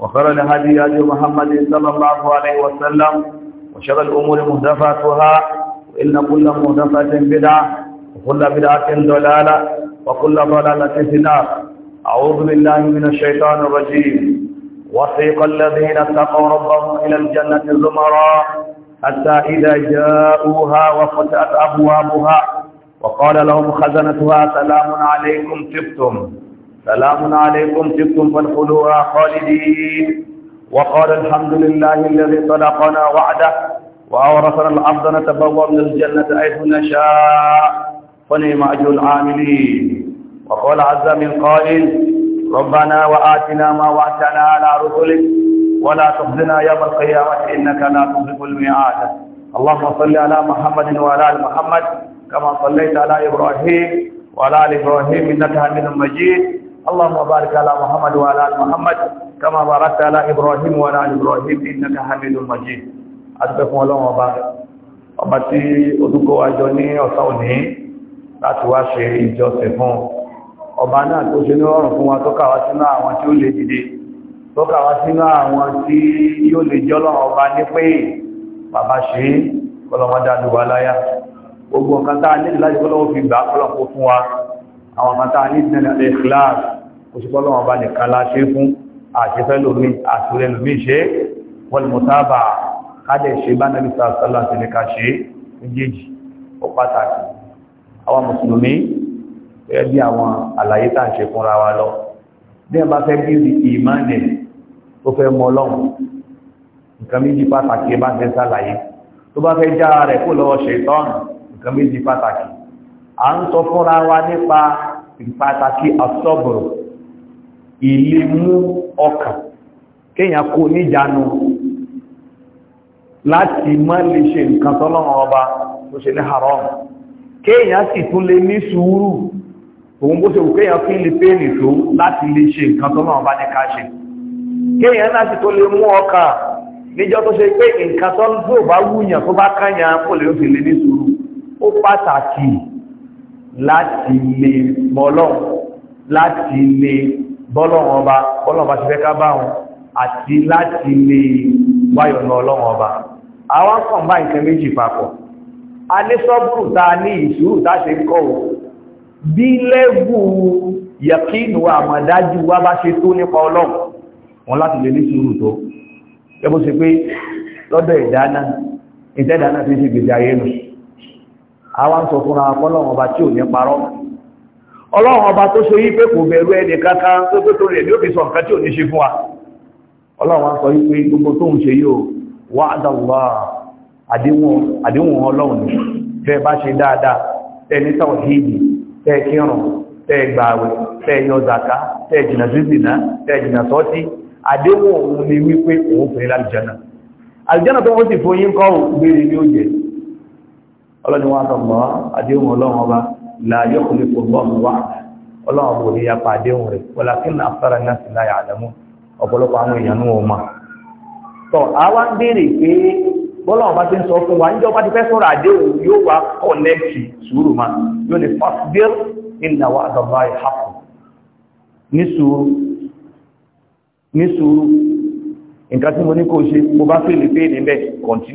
وخير الهدي هدي محمد صلى الله عليه وسلم وشر الأمور مهدفاتها وإن كل مهدفة بدعة وكل بدعة ضلالة وكل ضلالة في النار أعوذ بالله من الشيطان الرجيم وثيق الذين اتقوا ربهم إلى الجنة زمرا حتى إذا جاءوها وفتحت أبوابها وقال لهم خزنتها سلام عليكم تبتم سلام عليكم تبتم فادخلوها خالدين وقال الحمد لله الذي طلقنا وعده وأورثنا الأرض نتبوأ من الجنة حيث نشاء فنعم أجر العاملين وقال عز من قائل ربنا وآتنا ما وعدتنا على رسلك ولا تخزنا يوم القيامة إنك لا تخلف الميعاد اللهم صل على محمد وعلى آل محمد كما صليت على إبراهيم وعلى آل إبراهيم إنك حميد مجيد اللهم بارك على محمد وعلى محمد كما باركت على ابراهيم وعلى ال ابراهيم انك حميد مجيد ادعو اللهم بارك ọba tí odúkọ àjọ ní ọ̀sán òní láti wá ṣe ìjọsìn fún ọba náà tó ṣe ní ọrùn fún wa tó kà wá sínú àwọn tí ó lè dìde tó kà sínú àwọn tí yóò lè jọ́lọ́ ọba ní pé bàbá ṣe kọlọmọdá lùwà láyá gbogbo àwọn bàtà ní ìdínlẹ̀ ikhlas òṣìpọ̀lọ́ wọn bá nìkan láṣẹ fún àṣẹfẹ́ lómi àṣìlẹ̀ lómi ṣe wal mutaba'a kádẹ̀ ṣe bá nàbí sàásọ́lá sí ní ká ṣe méjèèjì ó pàtàkì àwọn mùsùlùmí ẹ bí àwọn àlàyé tá ń ṣe fúnra wa lọ bí ẹ bá fẹ́ bí ìmánẹ̀ tó fẹ́ mọ ọlọ́run nǹkan méjì pàtàkì pàtàkì à ń sọ fúnra wa nípa pàtàkì àsọ́bùrù ilé mú ọkàn kéèyàn kó níjànú láti má lè ṣe nǹkan tọ́lọ́run ọba tó ṣe ní haram kéèyàn sì tún lè ní sùúrù òun bó ṣe kéèyàn fi lè pèèrè tó láti lè ṣe nǹkan tọ́lọ́run ọba ní ká ṣe kéèyàn láti tó lè mú ọkàn níjọ́ tó ṣe pé nǹkan tó bá wúyàn tó bá káyàn kó lè ó fi lè ní sùúrù ó pàtàkì láti lè mọ́lọ́run láti lè bọ́lọ́run ọba bọ́lọ́run bá ti fẹ́ ká báhùn àti láti lè wáyọ̀nà ọlọ́run ọba àwọn kan bá nǹkan méjì papọ̀ a ní sọ́bùrù ta ní ìṣúrù tá ṣe ń kọ́ o bí lẹ́gbù yẹ̀kínù àmọ̀dájú wá bá ṣe tó nípa ọlọ́run wọn láti lè ní sùúrù tó àwa ń sọ fúnra ọlọ́run ọba tí ò ní parọ́ ọlọ́run ọba tó ṣe yí pé kò bẹ̀rù ẹni kankan tó tó tó rẹ̀ ní òkè sọ nǹkan tí ò ní ṣe fún wa ọlọ́run sọ gbogbo tó ń ṣe yóò wá àdàwà àdéhùn ọlọ́run bá ṣe dáadáa ní kírun yọ jìnà zìzìnà jìnà àdéhùn òun ni wípé òun lálùjánà àlùjánà ọlọ́run wá tọ̀mọ́ àdéhùn ọlọ́run ọba láàyò kò lè ọlọ́run ọba òde yapa àdéhùn rẹ̀ wọlá kí náà sì láyà àdámú ọ̀pọ̀lọpọ̀ àwọn èèyàn ní wọn mọ̀. tọ́ ń pé bọ́lọ́run bá ti ń sọ wa níjọ́ bá ti fẹ́ àdéhùn yóò wá sùúrù ma yóò ní ní sùúrù nǹkan tí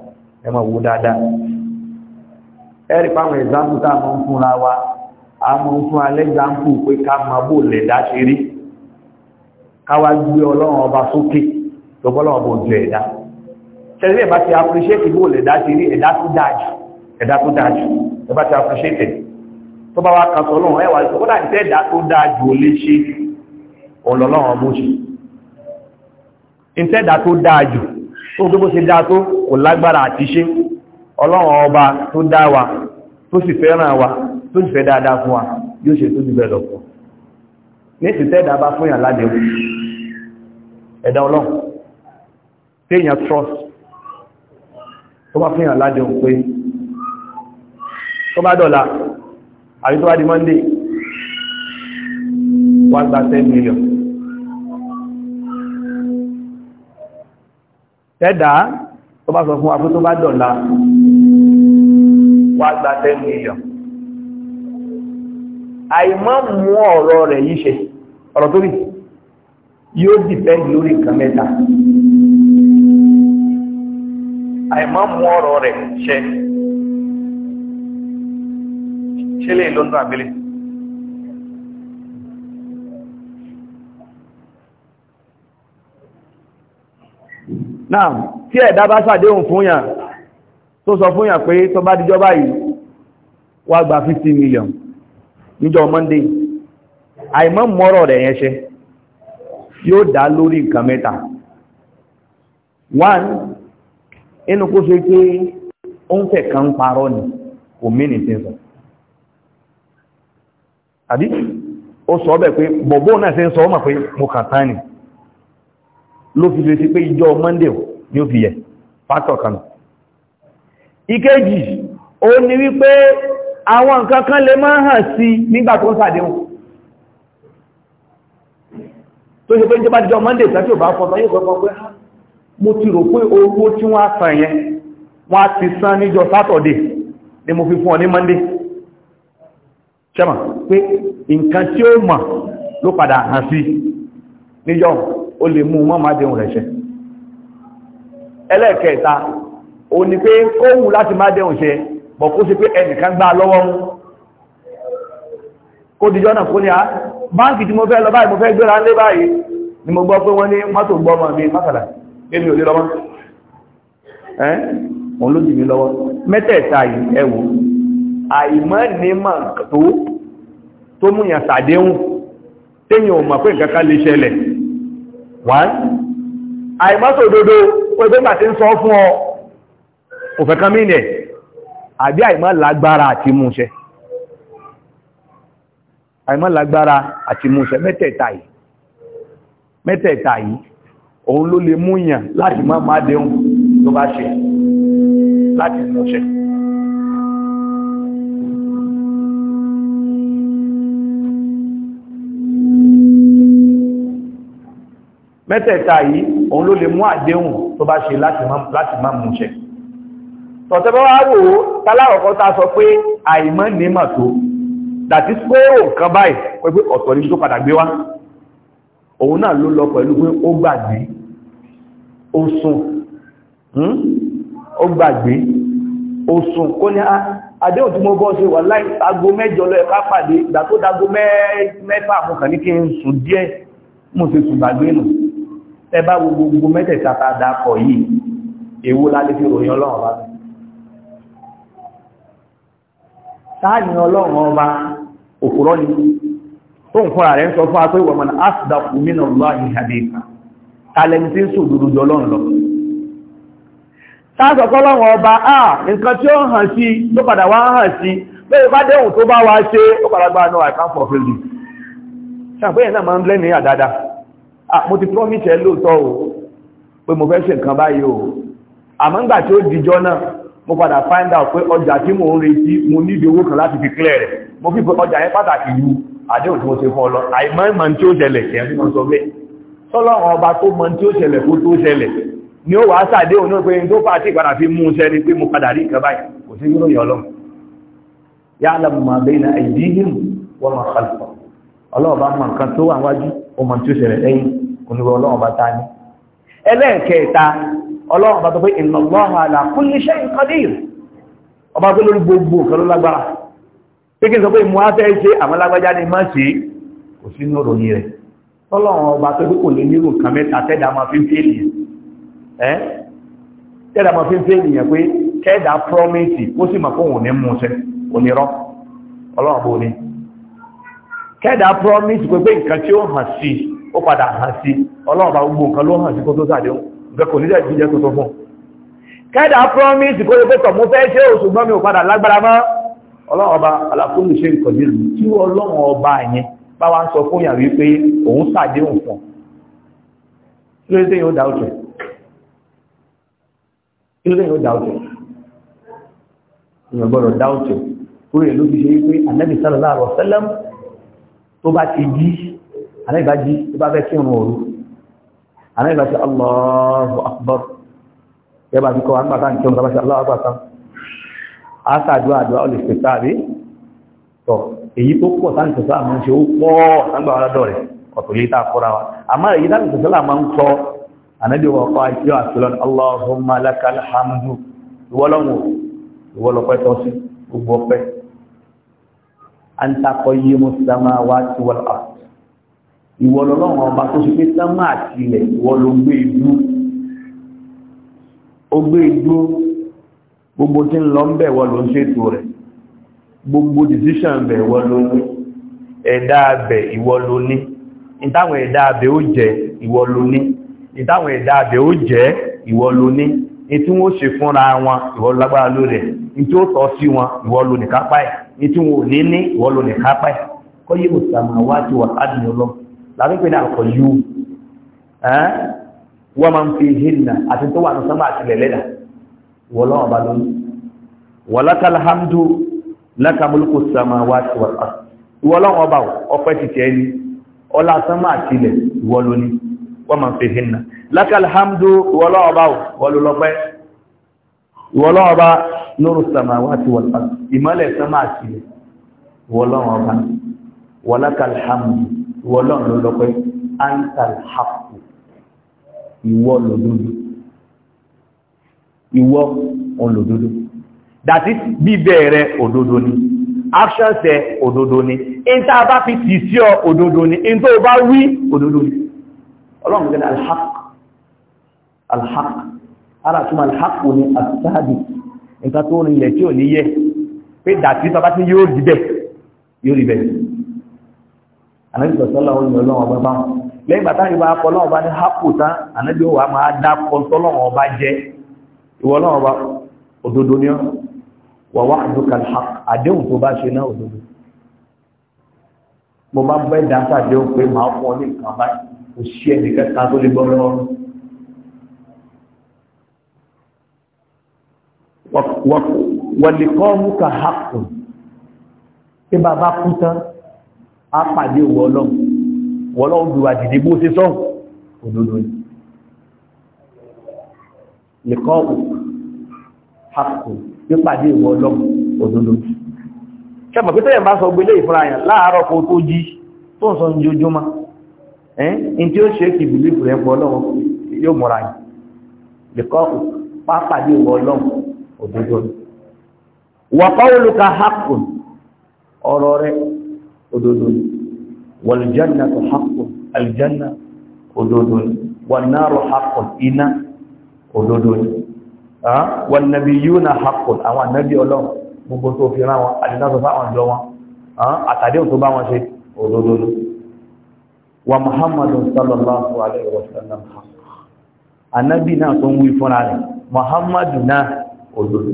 ẹ máa wò dáadáa ẹ̀rí pàwọn ẹ̀zámpù tá a máa ń fúnra wa a máa ń fún alẹ́gbàmpù pé ká máa bò lè dá ṣe rí káwá gbé ọlọ́run ọba sókè lọ́gbọ́lọ́run ọba òjò ẹ̀dá appreciate bó lè dá ti rí ẹ̀dá tó tó dájú ẹ appreciate tó bá wá kan sọ lọ́wọ́ ẹwà ìṣòkó dà nípa ẹ̀dá tó dájú ò lè tó gbogbo ṣe dá tó kò lágbára àti ṣe ọlọ́run ọba tó dá wa tó sì fẹ́ràn wa tó sì fẹ́ dáadáa fún wa yóò ṣe tó jù bẹ́ẹ̀ lọ fún ní ti tẹ́ẹ̀dá bá fún yàn ládéhùn ẹ̀dá ọlọ́run trust tó bá fún yàn ládéhùn pé tó bá dọ̀la àbí tó bá di monday wá gba 10 million tẹ́dà tó bá sọ fún wa pé tó bá dọ̀la wà gba 10 million àìmọ́ mú ọ̀rọ̀ rẹ̀ yìí ṣe ọ̀rọ̀ tó rí yóò dìpẹ́ndì lórí nǹkan mẹ́ta àìmọ́ mú ọ̀rọ̀ rẹ̀ ṣe ṣe lè lọ́nà àbílẹ̀ náà tí ẹ̀dá bá ṣàdéhùn fúnyàn tó sọ fúnyàn pé tó bá díjọba yìí wà gba 50 million níjọ monday àìmọ́ mọ́rọ̀ rẹ̀ yẹn ṣe yóò dá lórí nǹkan mẹ́ta one inú kó ṣe pé ó ń fẹ̀ kan parọ́ ni kò mínì tí ń sọ àbí ó sọ bẹ̀ pé bọ̀bọ́ náà ṣe sọ ọmọ pé mo ni ló fi lè sí pé ìjọ monday ni ó fi yẹ pátọ̀ kan ìkejì ó ní wípé àwọn nǹkan kan lè máa hàn sí nígbà tó ń sàdéhùn tó ṣe pé ìjọba ìjọ monday tàbí ò bá fọ́tọ̀ yóò fọ́tọ̀ pé ah, mo ti rò pé owó tí wọ́n á san yẹn wọ́n á ti san níjọ saturday ni mo fi fún ọ ní monday ṣẹ́mà pé nǹkan tí ó mọ̀ ló padà hàn sí níjọ́ ó lè mú mọ́ máa dẹ̀hùn rẹ̀ ṣẹ ẹlẹ́ẹ̀kẹta ó ní pé kó wù láti máa dẹ̀hùn ṣẹ bọ̀ kó sí pé ẹnìkan gbá lọ́wọ́ mú kó dìjọ́ náà kó ní a ah, báńkì tí mo fẹ́ lọ báyìí mo fẹ́ gbéra lé báyìí ni mo gbọ́ pé wọ́n ní mọ́tò gbọ́ mọ́ mi mọ́kànlá èmi ò lè lọ́wọ́ ẹ́ òun ló dì mí lọ́wọ́ mẹ́tẹ̀ẹ̀ta yìí ẹ̀wò àìmọ́ ní mọ̀ tó tó múyàn sàdéhùn téèyàn ò mọ̀ pé nǹkan kan lè ṣẹlẹ̀ one àìmọ́sọ̀ òdodo pẹ̀lú ìgbà tí ń sọ fún ọ òfẹ́ kan mínẹ̀ àbí àìmọ́ lágbára àti múṣẹ àìmọ́ lágbára àti múṣẹ mẹ́tẹ̀ẹ̀ta yìí mẹ́tẹ̀ẹ̀ta yìí òun ló lè múyàn láti má má déhùn tó bá ṣe láti múṣẹ mẹ́tẹ̀ẹ̀ta yìí òun ló lè mú àdéhùn tó bá ṣe láti má mú ṣẹ tọ̀tẹ́bọ́ wá wò ó tálárọ̀kọ́ ta sọ pé àìmọ́ ní mà tó dàtí sóòrò nǹkan báyìí pẹ́pẹ́ ọ̀tọ̀ ní tó padà gbé wá òun náà ló lọ pẹ̀lú pé ó gbàgbé ó sùn hmm? ó gbàgbé ó sùn kó ní ah, àdéhùn tí mo bọ́ ṣe wà láì ago mẹ́jọ lọ ẹ̀ká pàdé ìgbà tó dago mẹ́fà mo kàn sùn díẹ̀ mo sì sùn gbàgbé nù tẹba gbogbo mẹ́tẹ̀ẹ̀ta ta dákọ̀ yìí èwo lálé fi ròyìn ọlọ́run ọba sáàyìn ọlọ́run ọba òkúrọ́ ni tó ń fọ́ra rẹ̀ ń sọ fún akọ́ ìwọ̀n asdaqu minallahi haditha tàlẹ́ni tí ń sọ òdodo jọ ọlọ́run lọ sáàsọ̀kọ́ ọlọ́run ọba à nǹkan tí ó hàn sí ló padà wá hàn sí pé ìbádẹ́hùn tó bá wá ṣe ó ń blẹ́ Ah, mo ti promise ẹ lóòótọ́ o pé mo fẹ́ ṣe nǹkan báyìí o àmọ́ ńgbà tí ó dijọ́ náà mo padà find out pé ọjà tí mo ń retí mo níbi owó kan láti fi clear rẹ̀ mo fi ọjà yẹn pàtàkì ju àdéhùn tí mo ṣe fún ọ lọ àìmọ́ ìmọ̀ tí ó ṣẹlẹ̀ kẹ́ bí mo sọ bẹ́ẹ̀ sọ́lọ́run ó ṣẹlẹ̀ ni ó wàá sàdéhùn náà pé ọlọ́ọ̀bá mọ nǹkan tó wà wájú ó tí ó ṣẹlẹ̀ lẹ́yìn olúwa ọlọ́run bá ta ní ẹlẹ́ẹ̀kẹta ọlọ́run bá tó pé innallaha ala kulli shay'in qadir ọba tó lórí gbogbo nǹkan ló lágbára pé kí n sọ pé mo á fẹ́ ṣe àwọn lágbájá ni má ṣe kò sí ní òròyìn rẹ̀ ọlọ́run ọba tó pé kò lè nírò nǹkan mẹ́ta tẹ́dà máa fi ń fi ènìyàn ẹ́ tẹ́dà máa fi ń fi ènìyàn pé kẹ́dà promise ó sì mọ̀ fóun ní mú onírọ́ ọlọ́run bó ni kẹ́dà promise pé nǹkan tí ó hàn sí ó padà hàn sí ọlọ́ọ̀bá gbogbo nǹkan ló hàn sí kó tó sàdéhùn nǹkan kò nílẹ̀ ìbíjẹ́ tó tó fún kẹ́dà promise kó lókè tọ̀ mú fẹ́ ṣe oṣù gbọ́n mi ò padà lágbára mọ́ ọlọ́ọ̀bá alákùnrin ṣe nǹkan nílùú tí ọlọ́run ọba yẹn bá wá ń sọ fún yà wípé òun sàdéhùn fún ilé tí yóò dáútù ìrọ̀gbọ́rọ̀ dáútù kúrò ìlú fi ṣe wípé Ànábì sallallahu alaihi wasallam tó bá ti yí aláìbájí tó bá fẹ́ kí òun òru aláìbájí Allahu Akbar yẹba ti kọ́ àgbàtà ní kí òun tàbáṣe Allahu Akbar àtàdúwà àdúwà olè pẹ̀sà rí tọ̀ èyí tó pọ̀ sáà nìtọ̀sọ́ àmọ́ ṣe ó pọ̀ sáàgbà wọn lọ́dọ̀ rẹ̀ ọ̀tọ̀ yìí tàà kọ́ra wa àmọ́ èyí sáà nìtọ̀sọ́ àmọ́ ń Allahumma lakal hamdu ìwọ́lọ́wọ̀ ìwọ́lọ́pẹ́ tọ́sí gbogbo ọpẹ́ antakọ yìí ìwọ lọ́lọ́run ọba tó ṣe pé sánmà àtìlẹ̀ ìwọ ló gbé ìdú ó gbé ìdú gbogbo tí ń lọ ń bẹ̀ wọ́n ló ń ṣètò rẹ̀ gbogbo decision bẹ̀ ìwọ ló ní ẹ̀dá abẹ̀ ìwọ ló ní ìtàwọn ẹ̀dá abẹ̀ ó jẹ́ ìwọ ló ní ìtàwọn ẹ̀dá abẹ̀ ó jẹ́ ìwọ ló ní ìtí wọ́n ṣe fúnra wọn ìwọ lágbára lórí ẹ̀ ìtí ó tọ́ sí wọn ìwọ ló ní kápá ẹ̀ ìtí wọn ò ní ní ìwọ ló ní kápá ẹ̀ kọ́ yíò wájú wà á dìyàn lọ́pọ̀ láti pé ní àkọ́ yú wọ́n máa ń fi hìnnà àti tó wà ní sánmà àti lẹ̀lẹ́dà wọ́n lọ́wọ́ bá lóyún wọ́n lákà alhamdu lákà múlùkù sàmà wá sí wọ́n pa wọ́n lọ́wọ́ bá ọpẹ́ ti tẹ́ ni ọlá sánmà àti ilẹ̀ wọ́n lóyún wọ́n máa ń fi hìnnà lákà alhamdu wọ́n lọ́wọ́ bá wọ́n lọ́pẹ́ wọ́lọ́wọ́ bá lórí samawati wal ard ìmọ́lẹ̀ sánmà àti ilẹ̀ wọ́lọ́wọ́ bá wọ́lákàlhámdù ìwọ ọlọ́run ló lọ́pẹ́ antal hapu ìwọ lòdòdó ìwọ olòdòdó that is bíbẹ̀ rẹ òdodo ni actions ẹ òdodo ni in tá a bá fi tì sí ọ òdodo ni in tó o bá wí òdodo ni ọlọ́run gẹ́gẹ́ alhaq ni asáàdì nǹkan tó rìnlẹ̀ tí ò ní yẹ pé dàtí tọba tí yóò rí bẹ́ẹ̀ yóò rí bẹ́ẹ̀ ànábì sọ̀tọ́lọ́ òun yọ̀ lọ́wọ́ bá wọn lẹ́yìn bàtà ìbá akọ lọ́wọ́ bá ní hápù tán ànábì òwà máa dákọ tọ́lọ́wọ́ bá jẹ́ ìwọ lọ́wọ́ bá òdodo ní wà wá àdúkà àdéhùn tó bá ṣe náà òdodo mo bá bẹ́ẹ̀ dá sàdéhùn pé màá fún ọ ní nǹkan báyìí kò sí ẹnì kẹta tó lè gbọ́ lọ́wọ́ wọ̀lẹ̀kọ́ mú ka hápù tí bàbá kú tán á pàdé wọ ọlọ́run wọ ọlọ́run bí wà dìde bó ṣe sọ́hùn òdodo ni nìkan àpò pípàdé ìwọ ọlọ́run òdodo ni ṣẹ́mọ̀ pé tẹ́yẹ̀ bá sọ gbélé ìfúnra yàn láàárọ̀ kó tó jí tó ń sọ ní ojójúmọ́ ẹ́n tí ó ṣe ọlọ́run yóò mọ́ra yàn ọlọ́run òdodo hapun ọ̀rọ̀ rẹ̀ òdodo ni wàlìjánà tó hapun alìjánà òdodo ni wàlìnàrò hapun iná òdodo ni wàlìnàbí yíò na hapun àwọn ànábì ọlọ́run gbogbo tó fi rán wọn àdínàtò fáwọn jọ wọn àtàdéhùn tó bá wọn ṣe òdodo ni wa muhammadu sallallahu alaihi wasallam ànábì náà tó ń wí fúnra rẹ̀ muhammadu náà òdodo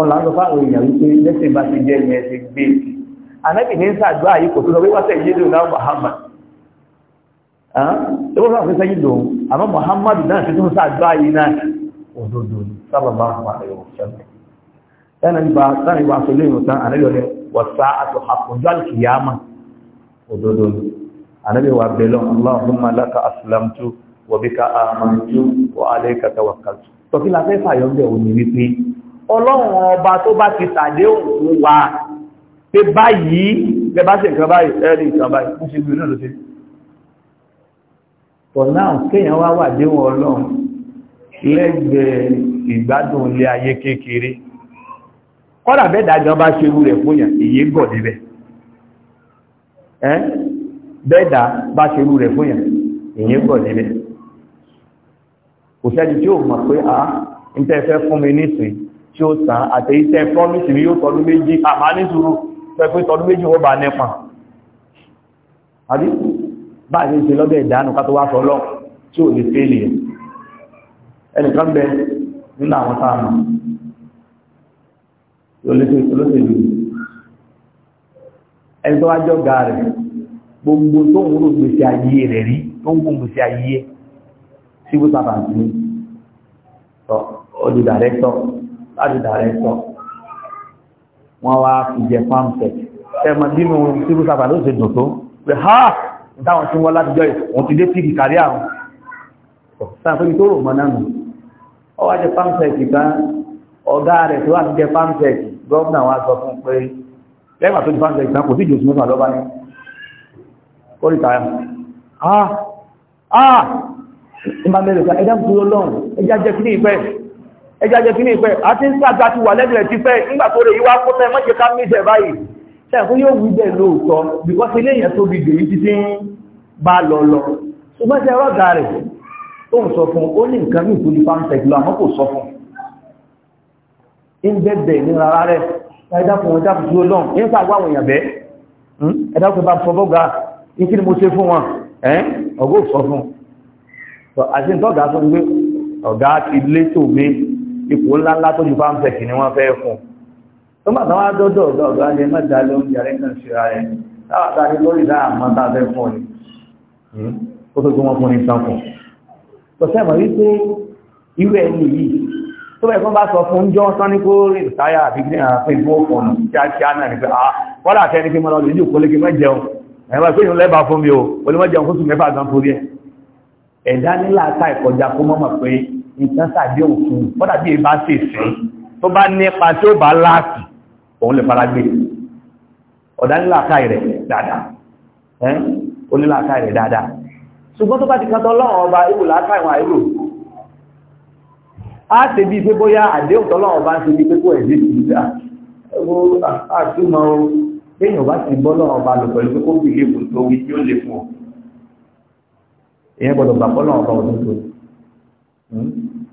ọ̀làǹdọ̀fà òyìnbó wípé lẹ́sìn bá ti jẹ́ ẹ̀yẹ ti gbé ànábì ní sàdúrà yìí kò tó lọ wíwá sẹ́yìn yédò náà Muhammad ẹ wọ́n fún sẹ́yìn lòun àmọ́ Muhammad náà ti tún sàdúrà yìí náà òdodo ní sábàbà àwọn àyẹ̀wò sẹ́lẹ̀ ẹnà nípa sáà ìwà àṣọ lẹ́yìn ọ̀tán ànábì ọ̀lẹ́ wọ̀sá àtọ̀ àkójọ Allahumma laka aslamtu wa bika amantu wa alayka tawakkaltu tọ́kí la fẹ́ fàyọ́ bẹ̀ òní wípé ọlọ́run ọba tó bá ti sàdéhùn fún wa pé báyìí lẹbá sí nǹkan báyìí ẹ̀rí nǹkan báyìí ń ṣe gbìyànjú lóṣe for now kéèyàn wá wà déwọ̀n ọlọ́run lẹ́gbẹ̀ẹ́ ìgbádùn ilé ayé kékeré kọ́dà bẹ́ẹ̀dàjọ́ bá ṣe rú rẹ̀ fóyàn èyí gọ̀ débẹ̀ ẹ́ bẹ́ẹ̀dà bá ṣe rú rẹ̀ fóyàn èyí gọ̀ débẹ̀ kò sẹ́ni tí ó mọ̀ pé a ah, ń tẹ́ fẹ́ fún mi nísìn tí ó tàn àtẹ́yí tẹ́ promise mi yóò tọ́lú méjì àmà nísùúrù pẹ̀pẹ́ tọdún méjì wọ́n bá nípa àbí bá ṣe ṣe lọ́gbẹ̀ ìdánù ká tó wá sọ lọ tí ò lè fẹ́lẹ̀ ẹnìkan bẹ nínú àwọn sáàmù olóṣèlú ẹni tó wá jọ ga rẹ̀ gbogbo tó ń rò gbèsè ayé rẹ̀ rí tó ń gùn gbèsè ayé civil servant ni ọ di director láti director wọ́n wá fi jẹ pamphlet ẹmọ nínú civil servant ló ṣe dùn tó pé ha dáwọn tí wọ́n láti jọ ìwọ̀n ti dé sí ìkàrí àwọn sáàpẹ́bí tó rò mọ́ náà nù ọ wá jẹ pamphlet kan ọ̀gá rẹ̀ tó wà ní jẹ pamphlet gọ́ọ̀nà wa sọ fún pé lẹ́gbà tó jẹ pamphlet kan kò sí ìjòsí mẹ́fà lọ́ba ní kórìtà ah ah ìbámẹ́rẹ̀ ẹ̀dá tó lọ́rùn ẹjá jẹ́ kí ní ẹja jẹ́ kíní ìpẹ́ àti ń sáàgbà ti wà lẹ́bẹ̀rẹ̀ ti fẹ́ nígbà tó rẹ̀ yíwá kó tẹ́ mọ́jẹ́ ká ní ìṣẹ̀ báyìí ṣẹ̀kún yóò wí bẹ̀ lóòtọ́ because ilé èèyàn tó bí gbèyí títí ń bá lọ lọ ṣùgbọ́n ṣe rọ́gà rẹ̀ tó ń sọ fún ó ní nǹkan ní ìtòlú pamtec lọ àmọ́ kò sọ fún ń bẹ̀bẹ̀ ní rárá rẹ̀ ẹ̀dá fún ọjà fún tó lọ́n ń sàgbà àwọn èèyàn bẹ́ hmm? ẹ̀dá fún bá sọ bọ́gà ní kí ni mo ṣe fún ti lé tòmí ipò ńláńlá tó ju bá ń fẹ̀kì ni wọ́n fẹ́ fún tó bá tán wá dọ́dọ̀ ọ̀dọ́ alẹ́ mẹ́ta ló ń yàrá ìkàn ṣe ara ẹ̀ láwọn àtàrí lórí láàá mọ́ tá a fẹ́ fún ni kó hmm? tó tó wọ́n fún ní san fún tó sẹ́mọ̀ wípé irú ẹni yìí tó bẹ̀ fún bá sọ fún jọ́ tán ní kó rí ìsáyà àbí ní àfẹ́ ìbú ọ̀pọ̀n kíákíá náà nípa àá kọ́lá àti ẹni kí mọ́ lọ nǹkan tàbí òfin bọ́dà bí i bá sì fẹ́ tó bá nípa tí ó bá láàkì òun lè fara gbé ọ̀dá nílàákàí rẹ̀ dáadáa ẹ́ ó nílàákàí rẹ̀ dáadáa ṣùgbọ́n tó bá ti kàtọ́ lọ́wọ́ ọba ìwò láàkàí wọn àìrò á ṣe bí pé bóyá àdéhùn tọ́lọ́wọ́ bá ń ṣe bí pé kò ẹ̀dí sí ìgbà ẹwọ́ àtúmọ̀ o kéèyàn bá ti bọ́ lọ́wọ́ ọba lò pẹ̀lú pé kó fi léèkùn tó wí tí ó lè fún ọ ìyẹn gbọ́dọ̀ gbà fọ́lọ́wọ́ ọba òdúntò Hmm?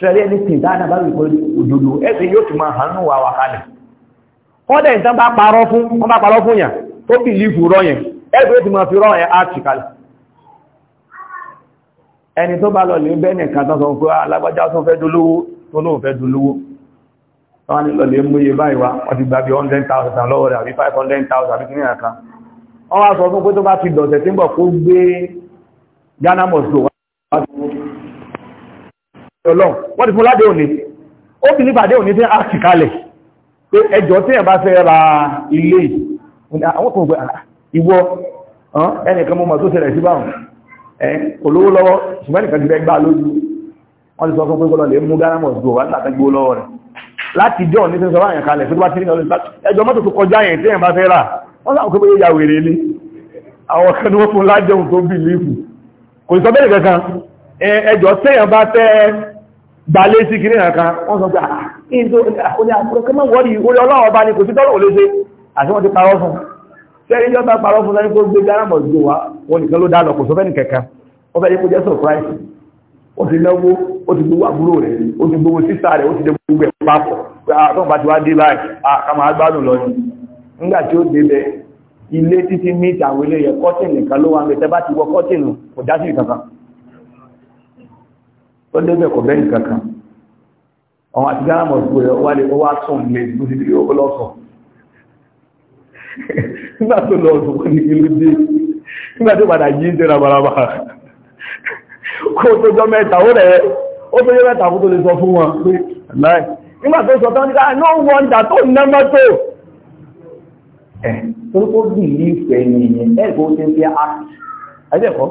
ṣẹlẹ̀ ní tìdánà bá wípé òdòdó ẹ̀sìn yóò ti máa hànú wà wà kalẹ̀ kọ́dẹ̀ ìtàn bá parọ́ fún wọ́n bá parọ́ fún yàn tó bí lífù rọ yẹn ẹgbẹ́ ti máa fi rọ yẹn áàtì kalẹ̀ ẹni tó bá lọ lè bẹ́ẹ̀ nìkan tán sọ pé ah, alágbájá tó fẹ́ dolówó tó lóò fẹ́ dolówó wọ́n ní lọ lè mú iye báyìí wá wọ́n ti gbà bí 100,000 lọ́wọ́ rẹ̀ àbí 500,000 àbí kìnnìyàn kan ọlọ́run wọ́n ti fún ládé òní ó fi nípàdé òní tí a kì kalẹ̀ pé ẹjọ́ tí ẹ̀bá fẹ́ ra ilé àwọn kò gbà ah, ìwọ ẹnìkan mọ́ tó ṣẹlẹ̀ sí báwọn kò lówó lọ́wọ́ ṣùgbọ́n nìkan ti gbá lójú wọ́n ti sọ fún pé kọ́lọ̀ lè mú gánàmọ̀ jù wà látà gbó lọ́wọ́ rẹ̀ láti jọ ní sọ báyàn kalẹ̀ fún bá tí ẹjọ́ mọ́tò tó kọjá yẹn tí ẹ̀bá fẹ́ rà wọ́n láwọn kó pé yà wèrè ní àwọn kan ni wọ́n fún lájẹun tó bì lífù kò sọ bẹ́ẹ̀ kankan ẹjọ́ tí ẹ̀bá fẹ́ gbalé sí kìrí ẹ̀kan wọ́n sọ pé àìyíndó oní àkúrẹ́kẹ́ wọ́n yìí ọlọ́wọ́ bá ní kò sí tọ́rọ olése àti wọ́n ti parọ́ fún ṣẹ́rí jọ́ta parọ́ fún sáré kó gbé gáràmọ̀ jù wá wọ́n nìkan ló dálọ̀ kò sọ fẹ́ni kẹ̀kẹ́ ó fẹ́ kó jẹ́ surprise ó ti náwó ó ó débẹ̀ kọ̀ bẹ́ẹ̀ kankan ọmọ àti ghana mọ̀ sí wà lè ó wá sùn lè bó ti di ó lọ́sọ̀ nígbà tó lọ sùn ní ìlú dé nígbà tó padà yí ń baraba kó tó jọ mẹ́ta ó rẹ̀ ó tó yẹ mẹ́ta kó tó lè sọ fún wọn pé láì nígbà tó sọ tán ní káà ah, no wonder tó ná mọ́tò ẹ̀ tó kó belief ẹ̀yìn ẹ̀ kó ti ń fi act ẹ̀jẹ̀ kọ́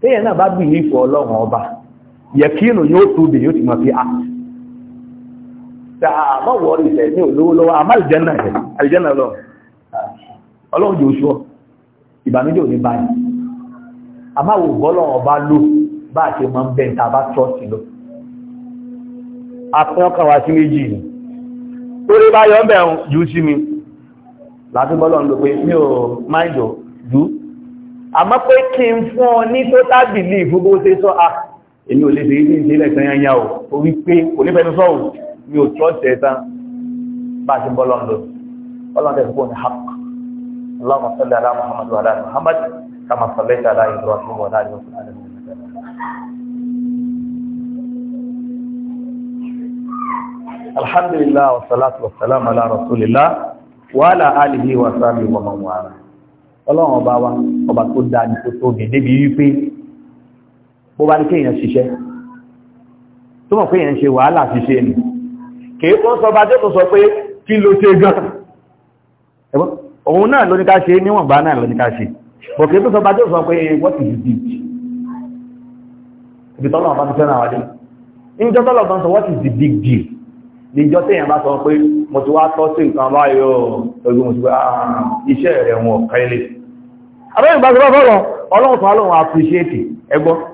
téèyàn náà bá belief ọlọ́run ọba yẹ̀kínù yóò tóbi yóò ti mọ̀ sí àt tààmọ́ wọ́rí ìṣẹ́ ní olówó lọ́wọ́ àmá ìjẹ́nà ẹ̀ àìjẹ́nà lọ ọlọ́run jò ṣọ́ ìbànújẹ́ ò ní báyìí àmá wò bọ́lọ̀ ọba ló bá a ṣe máa ń bẹ́ ta bá trọ́ọ̀sì lọ apẹ́ ọkàn wá sí méjì ni torí bá yọ bẹ̀ jù sí mi láti bọ́lọ̀ ń lò pé mi ò máìdò jù àmọ́ pé kí n fún ọ ní total belief bó ṣe sọ ah èmi ò lè ṣe ìdí ìṣẹ́lẹ̀ tán yányá o ó wí pé kò ní fẹ́nu sọ́ọ̀ mi ò tọ́ tẹ̀ tán bá ti bọ́ lọ́ndọ̀ ọlọ́ndẹ̀ fún ní haq Allahumma salli ala Muhammad wa ala Muhammad kama sallaita ala Ibrahim alhamdulillah wa salatu wa salam ala rasulillah wa ala alihi wa sahbihi wa man wala ọlọ́run ọba wa ọba tó dáa ní tó tóbi débi wípé bó bá ní kí èèyàn ṣiṣẹ́ tó mọ̀ pé èèyàn ṣe wàhálà ṣiṣẹ́ ni kìí kó sọ bá jẹ́ tó sọ pé kí ló ṣe gan ẹ̀bọ́n òun náà ló ní ká ṣe níwọ̀nba náà ló ní ká ṣe bọ̀ kìí tó sọ bá jẹ́ sọ pé what is it ibi tọ́lọ̀ bá ti fẹ́ràn àwádé níjọ́ tọ́lọ̀ what is the big deal níjọ́ téèyàn bá sọ pé mo ti wá tọ́ sí nǹkan báyọ̀ ogun mo ti wá ah, iṣẹ́ rẹ̀ wọn kẹ́lẹ̀ abẹ́yìn bá ọlọ́run tó wá lóun appreciate ẹgbọ́n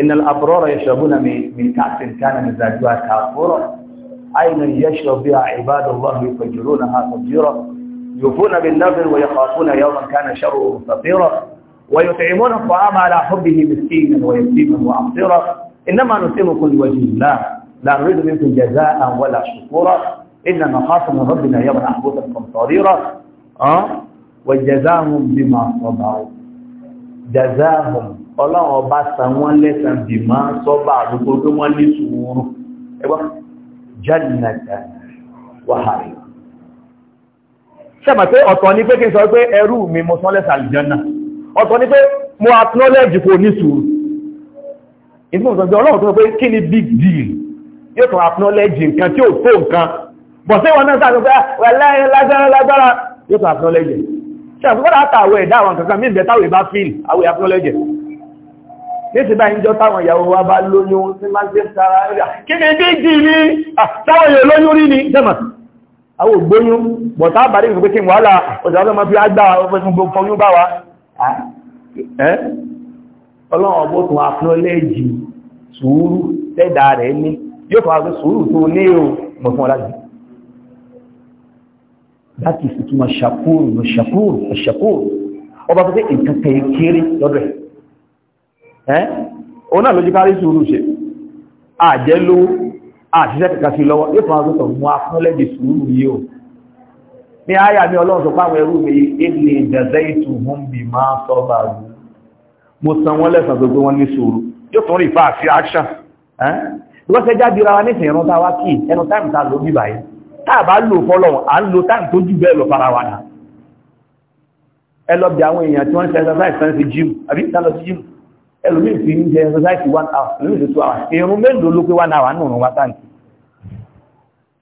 إن الأبرار يشربون من كأس كان مزاجها كافورا أين يشرب بها عباد الله يفجرونها تفجيرا يوفون بالنذر ويخافون يوما كان شره مستطيرا ويطعمون الطعام على حبه مسكينا ويتيما وعصيرا إنما نسلكم لوجه الله لا نريد منكم جزاء ولا شكورا إن نخاف من ربنا يوم عبوتا صغيرا أه؟ وجزاهم بما صبروا جزاهم ọlọ́run ọba san wọ́n lẹ́san bì máa sọ́bà àdúgbò pé wọ́n ní sùúrù ẹgbọ́ jannata wàhálì sẹ́mà pé ọ̀tọ̀ ní pé kí n sọ pé ẹrú mi mo san lẹ́san àlìjánà ọ̀tọ̀ ní pé mo acknowledge kò ní sùúrù ìfún ìsọ̀jọ́ ọlọ́run tó pé kí ni big deal yóò tún acknowledge nǹkan tí ò tó nǹkan bọ̀ sí wọn náà sáàtọ̀ pé wà láyé lágbára lágbára yóò tún acknowledge ṣe Níti bá ìjọ táwọn ìyàwó wa bá lóyún sí máa gbé sára ẹ̀rẹ́ kíkẹ́ tí jì ní àtàwọn èèyàn lóyún rí ní jẹ́mà. Àwọn ògbóyún, bọ̀tá àbárí ìgbé kí wàhálà ọjà ọlọ́mọ fi ágbà ọfẹ́sùn wa. Ọlọ́run ọgbọ́ tún àfúnlẹ́jì sùúrù tẹ́dà rẹ̀ ní yóò fà á sùúrù tó ní o mọ̀ fún ọlájú. Láti ìsìnkú ma ṣàkóòrò, ṣàkóòrò, ṣàkóòrò. Ọba tó fẹ́ ìkankan ẹ́ òun náà ló jí kárí sùúrù ṣe àjẹ́ ló àṣìṣẹ́ kẹta sí lọ́wọ́ yóò fún agbótọ̀ mú afúnlẹ̀ di sùúrù yìí o ní àyà mi ọlọ́run sọ páwọn ẹrú mi ilé ìdàzẹ́ ìtù hún bì máa sọ bá rú mo san wọ́n lẹ́sàn tó gbé wọ́n ní sùúrù yóò tún rí ìfà àti action ẹ́ ìwọ́sẹ̀ jáde ra wa ní ìsìn ìrántá wa kí ẹnu táìmù ta ló bíbà yìí táà bá lò fọ́lọ́run à ń lo táìmù tó jù bẹ́ẹ̀ lọ fara wa náà ẹ lọ bí àwọn èèyàn tí wọ́n ń ṣe exercise fẹ́ǹsì gym àbí tá lọ ẹlòmíì fi ń jẹ ẹ̀sọ́sáìtì one hour ẹlòmíì fi two hours èèyàn mélòó ló pé one hour nù wọn sáǹtì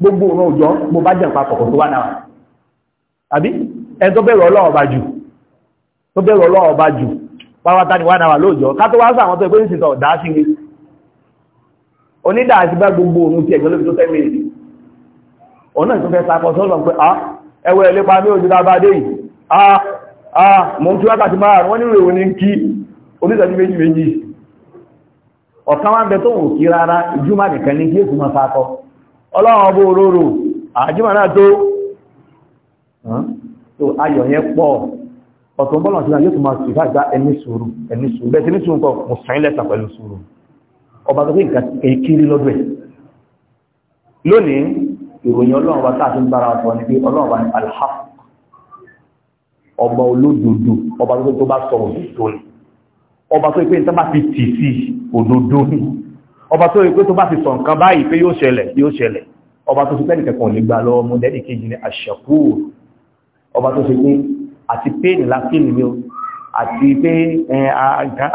gbogbo òun òjò mo bá jẹ́ papọ̀ kò tó one hour àbí ẹni tó bẹ̀rù ọlọ́run ọba jù tó bẹ̀rù ọlọ́run ọba jù pàwátá ni one hour lóòjọ́ ká tó wá sí àwọn tó ẹgbẹ́ nísìsọ ọ̀dá sí ni onídà àti bá gbogbo òun ti ẹ̀gbẹ́ lóbi tó fẹ́ mèrè ọ̀nà tó fẹ́ sapọ̀ sọ́lọ̀ pé ah ẹwẹ́ ẹlẹ́pa mi ò ti dábàá dé yìí ah ah mo ń tí wákàtí márùn-ún wọ́n nílò ìwé kí oníṣẹ́jú méjì méjì ọ̀kan wá ń bẹ tó wò kí rárá ìjúmà nìkan ní kí èsù máa fakọ ọlọ́run ọbọ̀ òróró àjímà náà tó tó ayọ̀ yẹn pọ̀ ọ̀tún bọ́lọ̀ sí yóò tó máa sì fàgbà ẹni sùúrù ẹni sùúrù bẹ́ẹ̀ tí ní sùúrù kọ mo sàn lẹ́sà pẹ̀lú sùúrù ọba tó kéka kiri lọ́dọ̀ ẹ̀ lónìí ìròyìn ọlọ́run wa táà ti ń bára ọ̀tọ̀ ni pé ọlọ́run wa tó bá sọ òdodo ni ọba tó ìpé tó bá fi tì sí òdodo ní ọba tó ìpé tó bá fi sọ nǹkan báyìí pé yóò ṣẹlẹ̀ yóò ṣẹlẹ̀ ọba tó ti pẹ́ lè gbà lọ́wọ́ mú dẹ́dì kejì ní àṣẹ̀kú ni o àti pé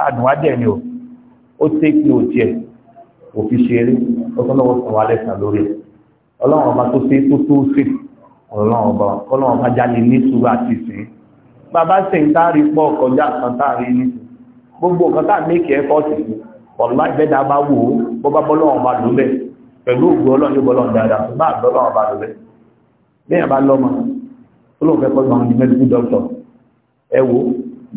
àdùnwádẹ́ ni o ó tẹ́ kí o tiẹ̀ kò fi ṣeré ó tọ́ lọ́wọ́ sàn wá lẹ́sàn lórí ọlọ́run ọba tó ṣe tó tó ṣe ọlọ́run ọba ọlọ́run bàbá ṣe ń pọ̀ kọjá kan táàrí gbogbo nǹkan tá à mékè ẹ́fọ́ọ̀tì ọ̀la ìbẹ́dà bá wò ó bó bá bọ́ lọ́wọ́ bá lóbẹ̀ pẹ̀lú ògbó ọlọ́run yóò bọ́ lọ́wọ́ dáadáa bá àgbọ́ lọ́wọ́ bá lóbẹ̀ bẹ́ẹ̀ bá lọ́mọ olóòfẹ́ kọ́ lọ́wọ́ di medical doctor ẹ wo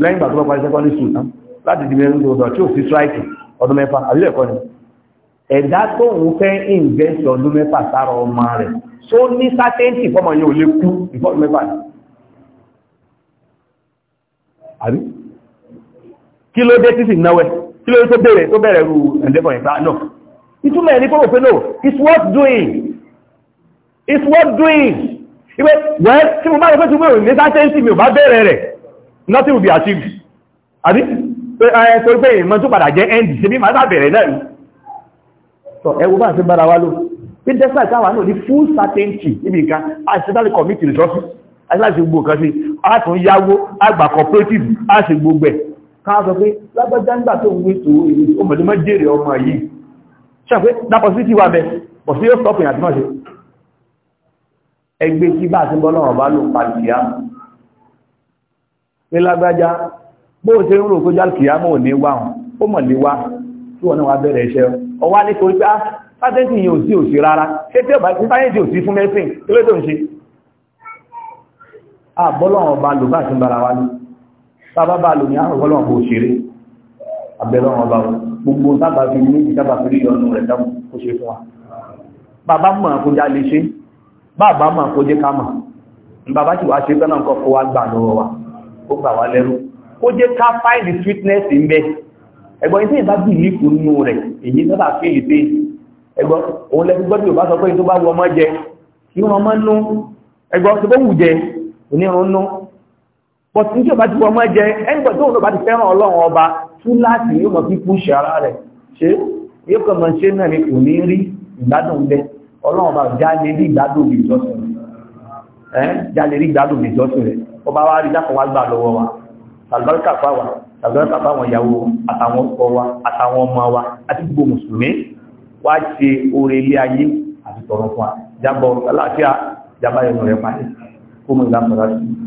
lẹ́yìn ìgbà tó bá parí secondary school tán láti di medical doctor tí ò fi strike ọdún mẹ́fà àbílẹ̀ ni ẹ̀dá tóun fẹ́ invest ọdún mẹ́fà sára ọmọ kí ló dé tí sì náwẹ́ kí ló tó bẹ̀rẹ̀ tó bẹ̀rẹ̀ rú ẹ̀lẹ́bọ̀n ìfà ah, náà ìtumẹ̀ ní pọ́pọ̀ pé no it's worth doing it's worth doing ìwé wẹ́n tí mo bá rẹ̀ fẹ́tù mẹ́rin ní sáṣẹ́ntì mi ò bá bẹ̀rẹ̀ rẹ̀ nothing will be achieved àbí torí pé ìmọ̀ tó padà jẹ́ end ṣe bí màá bẹ̀rẹ̀ náà rí sọ ẹwọ bá ń fi bára wá ló pé despite táwa náà full certainty níbi nǹkan àṣetálẹ̀ committee resources àṣetálẹ̀ gbogbo kan sí a tún yáwó àgbà cooperative a ṣe gbogbo káàsọ pé lágbàjá nígbà tó ń wé tó èrè ọmọdé má jèrè ọmọ yìí ṣàpé dápọ̀ sí ti wà bẹ pọ̀ sí yóò sọ́pìn àti mọ́ṣe ẹgbẹ́ tí bá ti bọ́lọ́ ọ̀bá ló pa kìá pé lágbàjá bó ṣe ń rò kó já kìá mọ́ ní wá hàn ó mọ̀ lé wá tí wọ́n náà wá bẹ̀rẹ̀ iṣẹ́ ọwá nítorí pé ah, sáyẹ́ǹsì yìí ò sí òsì rárá ṣé tí ọba tí sáyẹ́ǹsì ò sí fún mẹ́sìn kí ló tó ń ṣe àbọ́lọ́ ọ̀bá ló bá ti bára wa lóò sábà bá lò ní àwọn ọlọ́run bó ṣeré abẹ́lọ́run ọba gbogbo sábà fi ní ìjábà fi rí ọ̀nà rẹ̀ dáhùn kó ṣe fún wa bàbá mọ̀ kó já lè ṣe bàbá mọ̀ kó jẹ́ ká mọ̀ bàbá tí wàá ṣe tọ́nà nǹkan kó wá gbà lọ́wọ́ wa ó gbà wá lẹ́rú ó jẹ́ ká find the sweetness ń bẹ ẹgbọ́n yìí tí ìbá bì ní nínú rẹ̀ èyí sábà fi èyí pé ẹgbọ́n òun lẹ́gbẹ́ gbọ́dọ̀ yorùbá sọ pé tó bá wọ ọmọ jẹ ẹgbọ́n tó bó wù jẹ onírun nú but ní tí o bá ti wọ́n mọ́ jẹ ẹnìgbọ̀n tó bá ti fẹ́ràn ọlọ́run ọba tún láti yóò mọ̀ fi kú ṣe ara rẹ̀ ṣe yóò kàn mọ̀ ṣe náà ni kò ní rí ìgbádùn bẹ ọlọ́run ọba já lè rí ìgbádùn bí ìjọsìn rẹ̀ já lè rí ìgbádùn bí ìjọsìn rẹ̀ ọba wa rí dákan wá gbà lọ́wọ́ wa sàlùbáríkà fáwa sàlùbáríkà fáwọn ìyàwó àtàwọn ọkọ wa àtàwọn ọmọ wa àti gbogbo mùsùlùmí wá ṣe oore ilé ayé àti tọrọ fún wa